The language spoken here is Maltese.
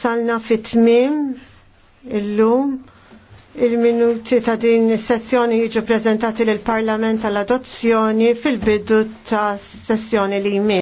Salna fit-tmim illum il-minuti ta' din is jiġu prezentati lill-Parlament għall adozzjoni fil-bidu ta' sessjoni li jmiss.